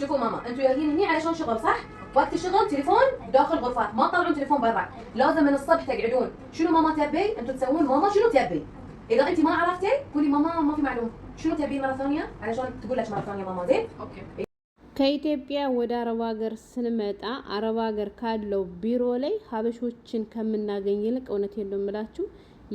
شوفوا ماما انتوا جايين هني علشان شغل صح؟ وقت الشغل تليفون داخل غرفة ما تطلعون تليفون برا لازم من الصبح تقعدون شنو ماما تبي؟ انتوا تسوون ماما شنو تبي؟ اذا انت ما عرفتي قولي ماما ما في معلومه شنو تبين مره ثانيه علشان تقول لك مره ثانيه ماما زين اوكي ከኢትዮጵያ ወደ አረብ ሀገር ስንመጣ አረብ ሀገር ካለው ቢሮ ላይ ሀበሾችን ከምናገኝ ይልቅ እውነቴን ነው የምላችሁ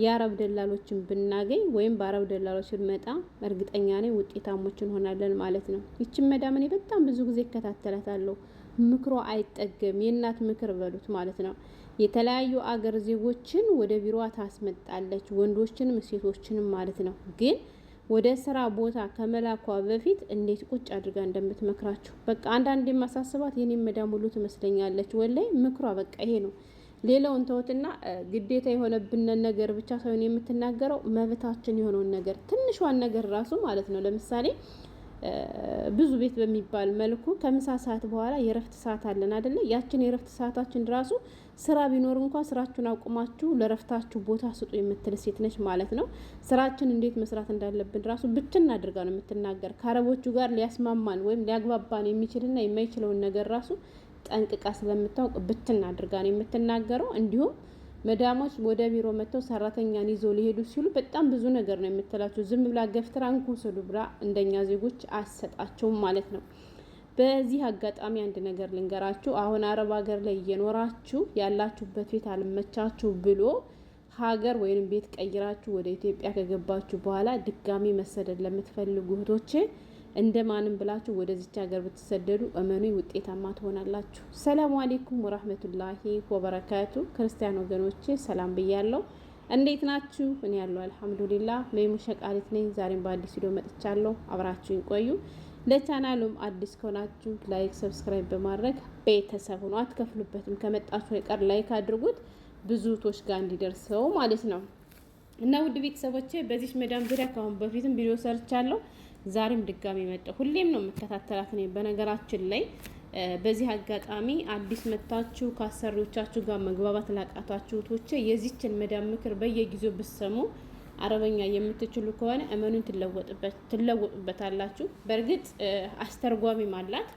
የአረብ ደላሎችን ብናገኝ ወይም በአረብ ደላሎች ብንመጣ እርግጠኛ ነኝ ውጤታሞች እንሆናለን ማለት ነው። ይችን መዳምን በጣም ብዙ ጊዜ እከታተላታለሁ። ምክሯ አይጠገም፣ የእናት ምክር በሉት ማለት ነው። የተለያዩ አገር ዜጎችን ወደ ቢሮዋ ታስመጣለች፣ ወንዶችንም ሴቶችንም ማለት ነው። ግን ወደ ስራ ቦታ ከመላኳ በፊት እንዴት ቁጭ አድርጋ እንደምትመክራችሁ በቃ አንዳንድ የማሳስባት የኔ መዳም ሁሉ ትመስለኛለች። ወላይ ምክሯ በቃ ይሄ ነው። ሌላውን ተውትና ግዴታ የሆነብንን ነገር ብቻ ሳይሆን የምትናገረው መብታችን የሆነውን ነገር ትንሿን ነገር ራሱ ማለት ነው። ለምሳሌ ብዙ ቤት በሚባል መልኩ ከምሳ ሰዓት በኋላ የረፍት ሰዓት አለን አደለ? ያችን የረፍት ሰዓታችን ራሱ ስራ ቢኖር እንኳን ስራችሁን አቁማችሁ ለረፍታችሁ ቦታ ስጡ የምትል ሴት ነች ማለት ነው። ስራችን እንዴት መስራት እንዳለብን ራሱ ብችን አድርጋ ነው የምትናገር። ከአረቦቹ ጋር ሊያስማማን ወይም ሊያግባባን የሚችልና የማይችለውን ነገር ራሱ ጠንቅቃ ስለምታውቅ ብትን አድርጋ ነው የምትናገረው። እንዲሁም መዳሞች ወደ ቢሮ መጥተው ሰራተኛን ይዘው ሊሄዱ ሲሉ በጣም ብዙ ነገር ነው የምትላቸው። ዝም ብላ ገፍትራ እንኩ ብላ እንደኛ ዜጎች አሰጣቸውም ማለት ነው። በዚህ አጋጣሚ አንድ ነገር ልንገራችሁ። አሁን አረብ ሀገር ላይ እየኖራችሁ ያላችሁበት ቤት አልመቻችሁ ብሎ ሀገር ወይም ቤት ቀይራችሁ ወደ ኢትዮጵያ ከገባችሁ በኋላ ድጋሚ መሰደድ ለምትፈልጉ እህቶቼ እንደ ማንም ብላችሁ ወደዚች ሀገር ብትሰደዱ እመኑ ውጤታማ ትሆናላችሁ። ሰላሙ አሌይኩም ወራህመቱላሂ ወበረካቱ። ክርስቲያን ወገኖቼ ሰላም ብያለሁ። እንዴት ናችሁ? እኔ ያለው አልሐምዱሊላ መይሙ ሸቃሪት ነኝ። ዛሬም በአዲስ ቪዲዮ መጥቻለሁ። አብራችሁን ቆዩ። ለቻናሉም አዲስ ከሆናችሁ ላይክ፣ ሰብስክራይብ በማድረግ ቤተሰብ ሆኖ አትከፍሉበትም። ከመጣችሁ የቀር ላይክ አድርጉት ብዙ ቶች ጋር እንዲደርሰው ማለት ነው። እና ውድ ቤተሰቦቼ በዚች መዳም ዙሪያ ከአሁን በፊትም ቪዲዮ ሰርቻለሁ ዛሬም ድጋሚ መጣ። ሁሌም ነው የምከታተላት እኔ። በነገራችን ላይ በዚህ አጋጣሚ አዲስ መታችሁ ከአሰሪዎቻችሁ ጋር መግባባት ላቃታችሁ እህቶቼ የዚችን መዳም ምክር በየጊዜው ብሰሙ አረበኛ የምትችሉ ከሆነ እመኑን ትለወጡበታላችሁ። በእርግጥ አስተርጓሚም አላት።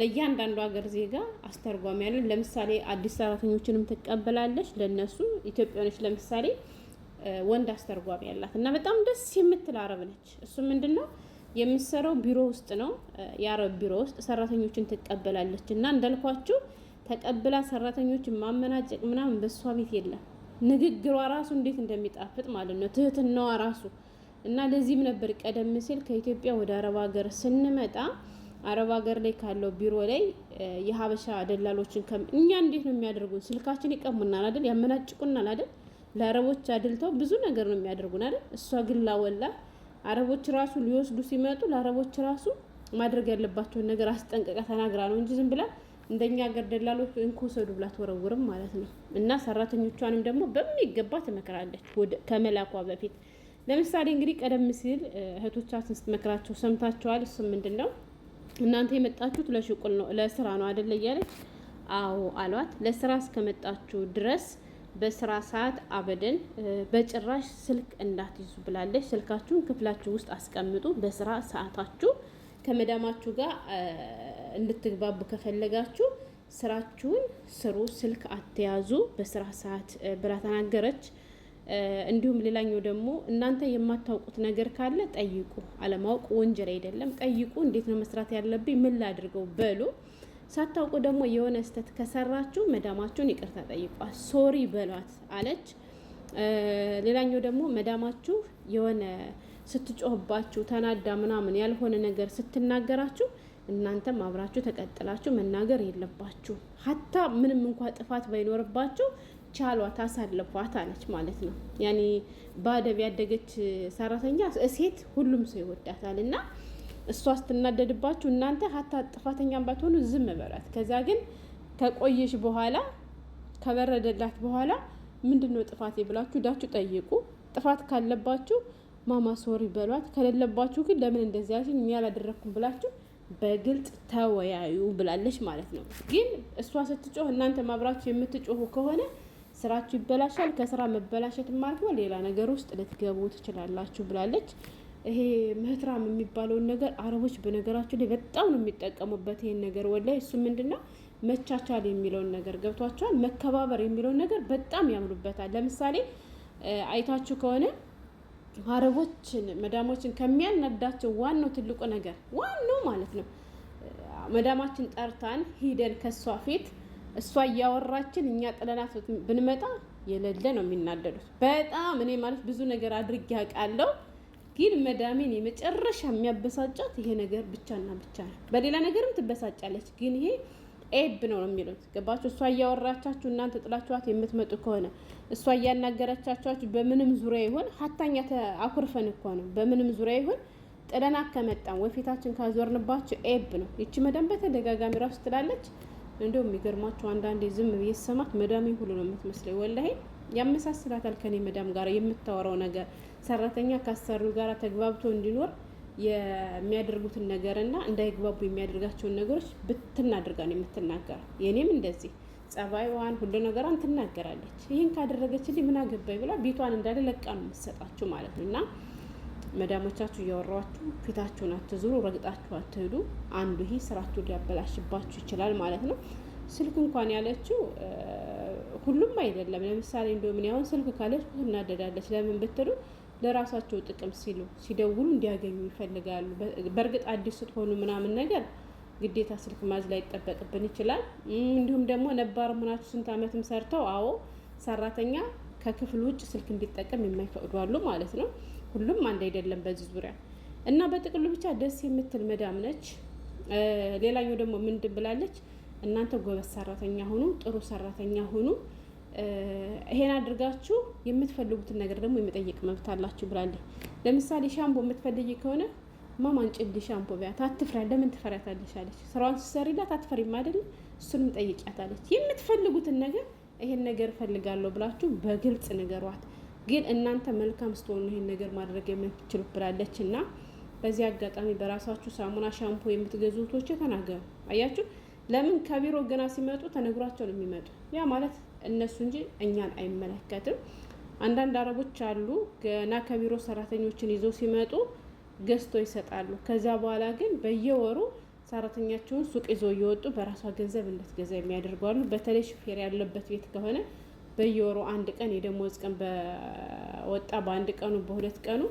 ለእያንዳንዱ ሀገር ዜጋ አስተርጓሚ ያለ። ለምሳሌ አዲስ ሰራተኞችንም ትቀበላለች። ለእነሱ ኢትዮጵያኖች ለምሳሌ ወንድ አስተርጓሚ ያላት እና በጣም ደስ የምትል አረብ ነች። እሱ ምንድን ነው የምትሰራው ቢሮ ውስጥ ነው። የአረብ ቢሮ ውስጥ ሰራተኞችን ትቀበላለች እና እንዳልኳችሁ ተቀብላ ሰራተኞችን ማመናጨቅ ምናምን በእሷ ቤት የለም። ንግግሯ ራሱ እንዴት እንደሚጣፍጥ ማለት ነው፣ ትህትናዋ ራሱ እና ለዚህም ነበር ቀደም ሲል ከኢትዮጵያ ወደ አረብ ሀገር ስንመጣ አረብ ሀገር ላይ ካለው ቢሮ ላይ የሀበሻ ደላሎችን ከም እኛ እንዴት ነው የሚያደርጉን? ስልካችን ይቀሙናል አይደል? ያመናጭቁናል አይደል? ለአረቦች አድልተው ብዙ ነገር ነው የሚያደርጉን አይደል? እሷ ግን ላወላ አረቦች ራሱ ሊወስዱ ሲመጡ ለአረቦች ራሱ ማድረግ ያለባቸውን ነገር አስጠንቀቀ ተናግራ ነው እንጂ ዝም ብላ እንደኛ ሀገር ደላሎች እንኮሰዱ ብላ ትወረውርም ማለት ነው። እና ሰራተኞቿንም ደግሞ በሚገባ ትመክራለች ከመላኳ በፊት። ለምሳሌ እንግዲህ ቀደም ሲል እህቶቻችን ስትመክራቸው ሰምታቸዋል። እሱ ምንድን ነው እናንተ የመጣችሁት ለሽቁል ነው ለስራ ነው አደለ እያለች አዎ አሏት። ለስራ እስከመጣችሁ ድረስ በስራ ሰዓት አበደን በጭራሽ ስልክ እንዳትይዙ ብላለች። ስልካችሁን ክፍላችሁ ውስጥ አስቀምጡ። በስራ ሰዓታችሁ ከመዳማችሁ ጋር እንድትግባቡ ከፈለጋችሁ ስራችሁን ስሩ፣ ስልክ አትያዙ በስራ ሰዓት ብላ ተናገረች። እንዲሁም ሌላኛው ደግሞ እናንተ የማታውቁት ነገር ካለ ጠይቁ። አለማወቅ ወንጀል አይደለም። ጠይቁ። እንዴት ነው መስራት ያለብኝ? ምን ላድርገው በሉ ሳታውቁ ደግሞ የሆነ ስህተት ከሰራችሁ መዳማችሁን ይቅርታ ጠይቋት፣ ሶሪ በሏት አለች። ሌላኛው ደግሞ መዳማችሁ የሆነ ስትጮህባችሁ ተናዳ ምናምን ያልሆነ ነገር ስትናገራችሁ እናንተም አብራችሁ ተቀጥላችሁ መናገር የለባችሁ። ሀታ ምንም እንኳ ጥፋት ባይኖርባችሁ ቻሏት፣ አሳልፏት አለች ማለት ነው። ያኔ በአደብ ያደገች ሰራተኛ ሴት ሁሉም ሰው ይወዳታል እና እሷ ስትናደድባችሁ እናንተ ሀታ ጥፋተኛም ባትሆኑ ዝም በላት። ከዛ ግን ከቆየሽ በኋላ ከበረደላት በኋላ ምንድን ነው ጥፋቴ ብላችሁ ዳችሁ ጠይቁ። ጥፋት ካለባችሁ ማማ ሶሪ በሏት። ከሌለባችሁ ግን ለምን እንደዚህ ያልሽኝ እኔ ብላችሁ በግልጽ ተወያዩ ብላለች ማለት ነው። ግን እሷ ስትጮህ እናንተ ማብራችሁ የምትጮሁ ከሆነ ስራችሁ ይበላሻል። ከስራ መበላሸት ማለት ነው ሌላ ነገር ውስጥ ልትገቡ ትችላላችሁ ብላለች። ይሄ ምህትራም የሚባለውን ነገር አረቦች በነገራቸው ላይ በጣም ነው የሚጠቀሙበት ይሄን ነገር ወላይ። እሱ ምንድን ነው መቻቻል የሚለውን ነገር ገብቷቸዋል። መከባበር የሚለውን ነገር በጣም ያምኑበታል። ለምሳሌ አይታችሁ ከሆነ አረቦችን መዳሞችን ከሚያናዳቸው ዋናው ትልቁ ነገር ዋናው ማለት ነው መዳማችን ጠርታን ሂደን ከእሷ ፊት እሷ እያወራችን እኛ ጥለናት ብንመጣ የሌለ ነው የሚናደዱት። በጣም እኔ ማለት ብዙ ነገር አድርጌ አውቃለሁ። ግን መዳሜን የመጨረሻ የሚያበሳጫት ይሄ ነገር ብቻና ብቻ ነው። በሌላ ነገርም ትበሳጫለች፣ ግን ይሄ ኤብ ነው ነው የሚሉት ገባችሁ? እሷ እያወራቻችሁ እናንተ ጥላችኋት የምትመጡ ከሆነ እሷ እያናገረቻችኋችሁ በምንም ዙሪያ ይሆን ሀታኛ አኩርፈን እኮ ነው በምንም ዙሪያ ይሆን ጥለና ከመጣም ወፊታችን ካዞርንባቸው ኤብ ነው። ይቺ መዳም በተደጋጋሚ ራሱ ትላለች። እንደው የሚገርማቸው አንዳንዴ ዝም ብዬ ስሰማት መዳሜ ሁሉ ነው የምትመስለኝ ወላሄ ያመሳስላታል ከኔ መዳም ጋር የምታወራው ነገር ሰራተኛ ካሰሪው ጋር ተግባብቶ እንዲኖር የሚያደርጉትን ነገር እንዳይግባቡ የሚያደርጋቸውን ነገሮች ብትናድርጋ ነው የምትናገር። የእኔም እንደዚህ ጸባይዋን ሁሉ ነገሯን ትናገራለች። ይህን ካደረገችልኝ ምን አገባኝ ብላ ቤቷን እንዳለ ለቃ ነው የምትሰጣችሁ ማለት ነው። እና መዳሞቻችሁ እያወሯችሁ ፊታችሁን አትዙሩ፣ ረግጣችሁ አትሄዱ። አንዱ ይሄ ስራችሁ ሊያበላሽባችሁ ይችላል ማለት ነው። ስልክ እንኳን ያለችው ሁሉም አይደለም። ለምሳሌ እንደውም እኔ አሁን ስልክ ካለች ትናደዳለች። ለምን ብትሉ ለራሳቸው ጥቅም ሲሉ ሲደውሉ እንዲያገኙ ይፈልጋሉ። በእርግጥ አዲስ ስትሆኑ ምናምን ነገር ግዴታ ስልክ ማዝ ላይ ይጠበቅብን ይችላል። እንዲሁም ደግሞ ነባር ሆናችሁ ስንት ዓመትም ሰርተው አዎ ሰራተኛ ከክፍል ውጭ ስልክ እንዲጠቀም የማይፈቅዱ አሉ ማለት ነው። ሁሉም አንድ አይደለም በዚህ ዙሪያ እና በጥቅሉ ብቻ ደስ የምትል መዳም ነች። ሌላኛው ደግሞ ምንድን ብላለች? እናንተ ጎበዝ ሰራተኛ ሆኑ፣ ጥሩ ሰራተኛ ሆኑ፣ ይሄን አድርጋችሁ የምትፈልጉትን ነገር ደግሞ የመጠየቅ መብት አላችሁ ብላለች። ለምሳሌ ሻምፖ የምትፈልጊ ከሆነ ማማን ጭድ ሻምፖ ቢያት አትፍራ፣ ለምን ትፈሪያታለሽ አለች። ስራዋን ስትሰሪላት አትፈሪም አይደል? እሱንም ጠይቂያታለች። የምትፈልጉትን ነገር ይሄን ነገር እፈልጋለሁ ብላችሁ በግልጽ ንገሯት። ግን እናንተ መልካም ስትሆኑ ይሄን ነገር ማድረግ የምትችሉ ብላለች እና በዚህ አጋጣሚ በራሳችሁ ሳሙና ሻምፖ የምትገዙ እህቶች ተናገሩ። አያችሁ ለምን ከቢሮ ገና ሲመጡ ተነግሯቸው ነው የሚመጡ። ያ ማለት እነሱ እንጂ እኛን አይመለከትም። አንዳንድ አረቦች አሉ ገና ከቢሮ ሰራተኞችን ይዘው ሲመጡ ገዝቶ ይሰጣሉ። ከዚያ በኋላ ግን በየወሩ ሰራተኛቸውን ሱቅ ይዞ እየወጡ በራሷ ገንዘብ እንድትገዛ የሚያደርጓሉ። በተለይ ሹፌር ያለበት ቤት ከሆነ በየወሩ አንድ ቀን የደሞዝ ቀን በወጣ በአንድ ቀኑ በሁለት ቀኑ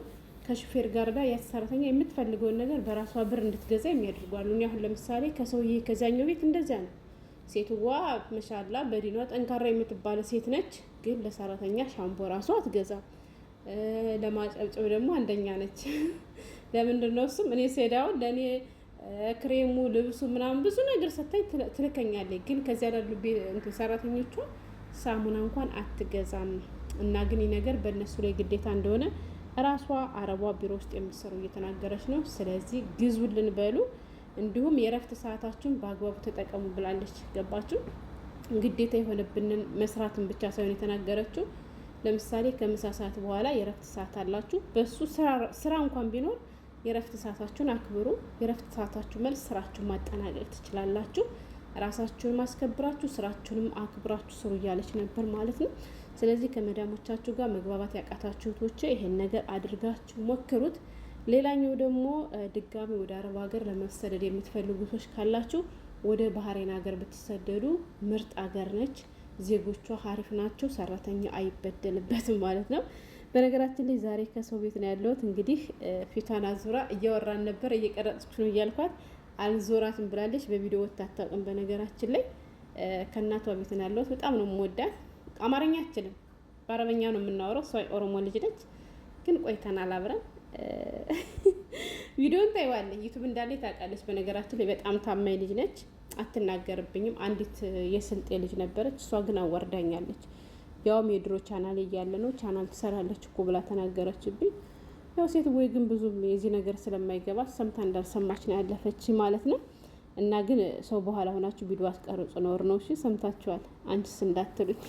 ከሹፌር ጋር ጋር ያቺ ሰራተኛ የምትፈልገውን ነገር በራሷ ብር እንድትገዛ የሚያደርጓሉ። እኔ አሁን ለምሳሌ ከሰውዬ ከዛኛው ቤት እንደዚያ ነው። ሴትዋ መሻላ በዲኗ ጠንካራ የምትባለ ሴት ነች፣ ግን ለሰራተኛ ሻምቦ ራሱ አትገዛም። ለማጨብጨብ ደግሞ አንደኛ ነች። ለምንድን ነው እሱም እኔ ሴዳውን ለእኔ ክሬሙ፣ ልብሱ ምናምን ብዙ ነገር ሰታኝ ትልከኛለች፣ ግን ከዚያ ላሉ ሰራተኞቿ ሳሙና እንኳን አትገዛም። እና ግን ይህ ነገር በእነሱ ላይ ግዴታ እንደሆነ እራሷ አረቧ ቢሮ ውስጥ የምትሰሩ እየተናገረች ነው። ስለዚህ ግዙልን በሉ እንዲሁም የእረፍት ሰዓታችሁን በአግባቡ ተጠቀሙ ብላለች። ገባችሁ? ግዴታ የሆነብንን መስራትን ብቻ ሳይሆን የተናገረችው ለምሳሌ ከምሳ ሰዓት በኋላ የእረፍት ሰዓት አላችሁ። በሱ ስራ እንኳን ቢኖር የእረፍት ሰዓታችሁን አክብሩ። የእረፍት ሰዓታችሁ መልስ ስራችሁን ማጠናቀቅ ትችላላችሁ። ራሳችሁንም አስከብራችሁ ስራችሁንም አክብራችሁ ስሩ እያለች ነበር ማለት ነው። ስለዚህ ከመዳሞቻችሁ ጋር መግባባት ያቃታችሁ እህቶቼ ይሄን ነገር አድርጋችሁ ሞክሩት። ሌላኛው ደግሞ ድጋሚ ወደ አረብ ሀገር ለመሰደድ የምትፈልጉ ሰዎች ካላችሁ ወደ ባህሬን ሀገር ብትሰደዱ ምርጥ ሀገር ነች። ዜጎቿ ሀሪፍ ናቸው። ሰራተኛ አይበደልበትም ማለት ነው። በነገራችን ላይ ዛሬ ከሰው ቤት ነው ያለሁት። እንግዲህ ፊቷን አዙራ እያወራን ነበር፣ እየቀረጽኩ ነው እያልኳት አልዞራትም ብላለች። በቪዲዮ ወታታቅም በነገራችን ላይ ከእናቷ ቤት ነው ያለሁት። በጣም ነው የምወዳት አማርኛ አችልም፣ በአረበኛ ነው የምናወራው። ሰው ኦሮሞ ልጅ ነች፣ ግን ቆይተናል አብረን። ቪዲዮን ታይዋለህ፣ ዩቱብ እንዳለ ታውቃለች። በነገራችን ላይ በጣም ታማኝ ልጅ ነች፣ አትናገርብኝም። አንዲት የስልጤ ልጅ ነበረች፣ እሷ ግን አዋርዳኛለች። ያውም የድሮ ቻናል እያለ ነው ቻናል ትሰራለች እኮ ብላ ተናገረችብኝ። ያው ሴት ወይ ግን ብዙም የዚህ ነገር ስለማይገባ ሰምታ እንዳልሰማች ነው ያለፈች ማለት ነው። እና ግን ሰው በኋላ ሆናችሁ ቪዲዮ አስቀርጹ ኖር ነው። እሺ ሰምታችኋል። አንቺስ እንዳትሉኝ